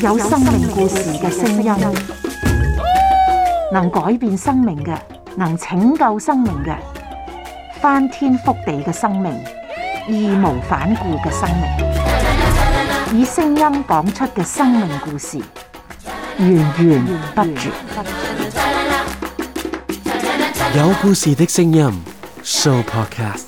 有生命故事嘅聲音，能改變生命嘅，能拯救生命嘅，翻天覆地嘅生命，義無反顧嘅生命，以聲音講出嘅生命故事，源源不絕。有故事嘅聲音，Show Podcast。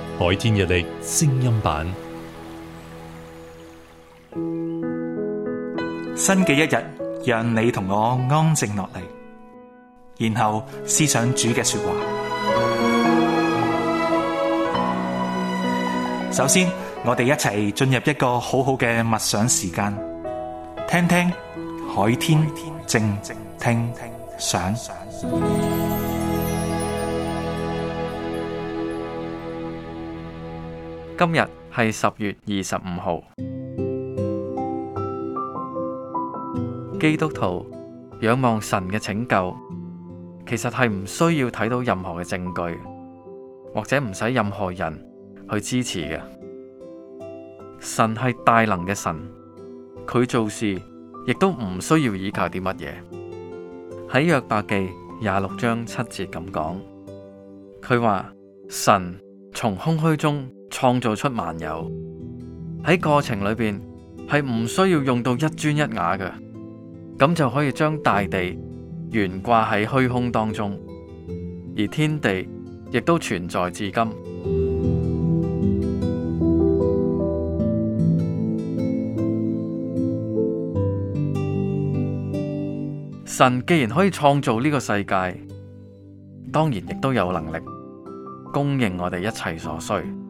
海天日曆聲音版，新嘅一日，讓你同我安靜落嚟，然後思想主嘅說話。首先，我哋一齊進入一個好好嘅默想時間，聽聽海天靜靜聽聽想。今日係十月二十五號。基督徒仰望神嘅拯救，其實係唔需要睇到任何嘅證據，或者唔使任何人去支持嘅。神係大能嘅神，佢做事亦都唔需要依靠啲乜嘢。喺約伯記廿六章七節咁講，佢話神從空虛中。創造出萬有，喺過程裏邊係唔需要用到一磚一瓦嘅。咁就可以將大地懸掛喺虛空當中，而天地亦都存在至今。神既然可以創造呢個世界，當然亦都有能力供應我哋一切所需。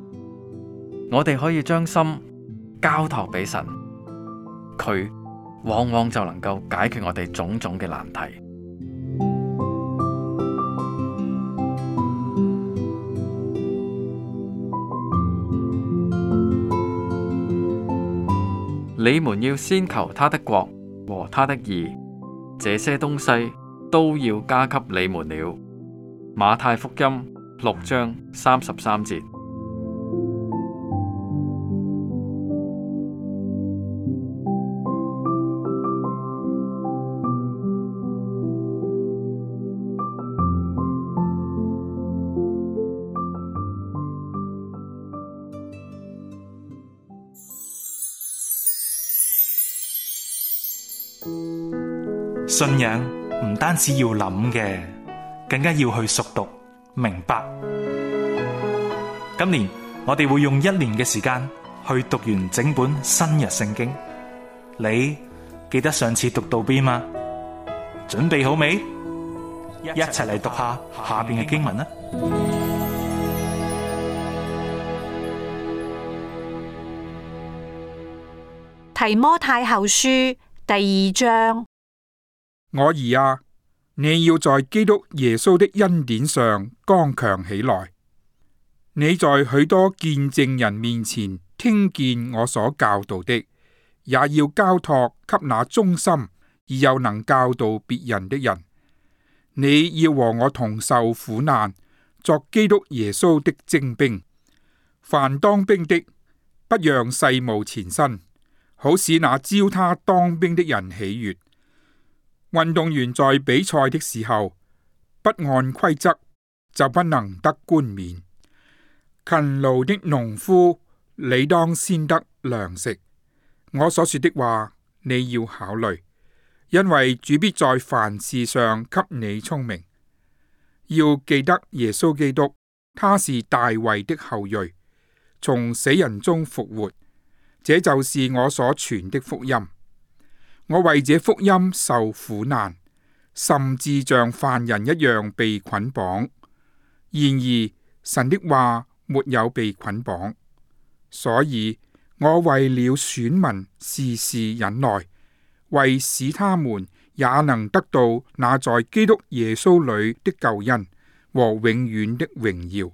我哋可以將心交托俾神，佢往往就能夠解決我哋種種嘅難題。你們要先求他的國和他的義，這些東西都要加給你們了。馬太福音六章三十三節。信仰唔單止要諗嘅，更加要去熟讀明白。今年我哋會用一年嘅時間去讀完整本新約聖經。你記得上次讀到邊嗎？準備好未？一齊嚟讀下下邊嘅經文啦！提摩太後書第二章。我兒啊，你要在基督耶穌的恩典上剛強起來。你在許多見證人面前聽見我所教導的，也要交託給那忠心而又能教導別人的人。你要和我同受苦難，作基督耶穌的精兵。凡當兵的，不讓世務纏身，好使那招他當兵的人喜悅。運動員在比賽的時候不按規則就不能得冠冕。勤勞的農夫，你當先得糧食。我所說的話，你要考慮，因為主必在凡事上給你聰明。要記得耶穌基督，他是大衛的後裔，從死人中復活。這就是我所傳的福音。我為這福音受苦難，甚至像犯人一樣被捆綁。然而神的話沒有被捆綁，所以我為了選民事事忍耐，為使他們也能得到那在基督耶穌裏的救恩和永遠的榮耀。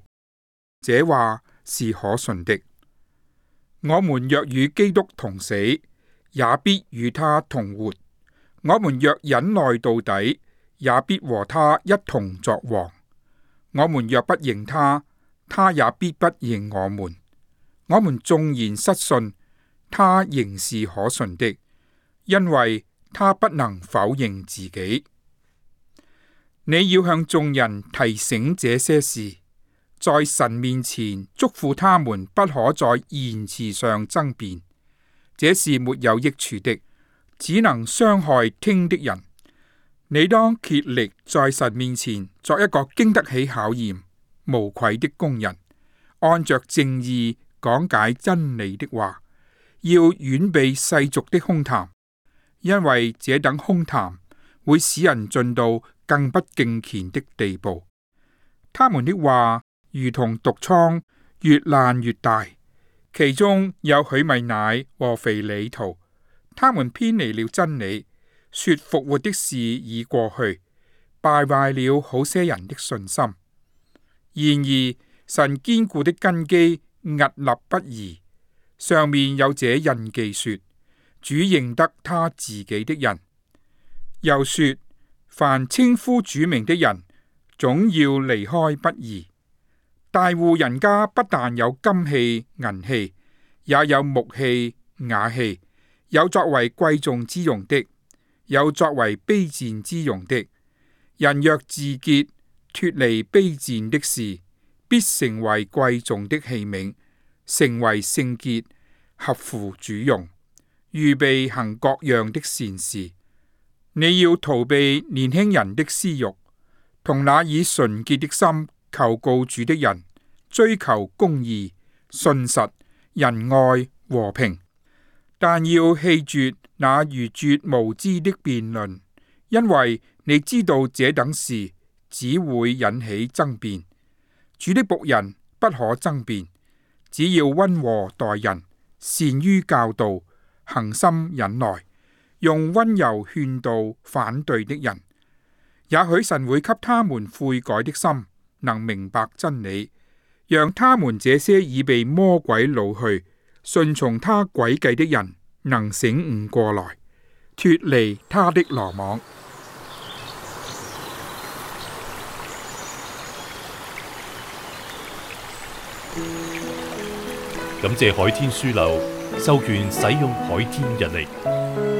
這話是可信的。我們若與基督同死。也必與他同活。我們若忍耐到底，也必和他一同作王。我們若不認他，他也必不認我們。我們縱然失信，他仍是可信的，因為他不能否認自己。你要向眾人提醒這些事，在神面前囑咐他們，不可在言辭上爭辯。這是沒有益處的，只能傷害聽的人。你當竭力在神面前作一個經得起考驗、無愧的工人，按着正義講解真理的話，要遠避世俗的空談，因為這等空談會使人進到更不敬虔的地步。他們的話如同毒瘡，越爛越大。其中有許米乃和腓利圖，他們偏離了真理，說復活的事已過去，敗壞了好些人的信心。然而神堅固的根基屹立不移，上面有這印記說：主認得他自己的人。又說：凡稱呼主名的人，總要離開不義。大戶人家不但有金器、銀器，也有木器、瓦器，有作為貴重之用的，有作為卑賤之用的。人若自潔，脱離卑賤的事，必成為貴重的器皿，成為聖潔，合乎主用，預備行各樣的善事。你要逃避年輕人的私欲，同那以純潔的心。求告主的人追求公義、信實、仁愛、和平，但要棄絕那愚拙無知的辯論，因為你知道這等事只會引起爭辯。主的僕人不可爭辯，只要温和待人，善於教導，恒心忍耐，用温柔勸導反對的人，也許神會給他們悔改的心。能明白真理，讓他們這些已被魔鬼擄去、順從他詭計的人能醒悟過來，脫離他的羅網。感謝海天書樓授權使用海天日曆。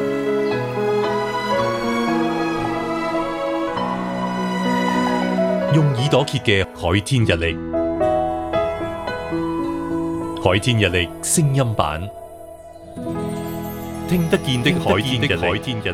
用耳朵揭嘅《海天日曆》，《海天日曆》聲音版，聽得見的《海天日曆》。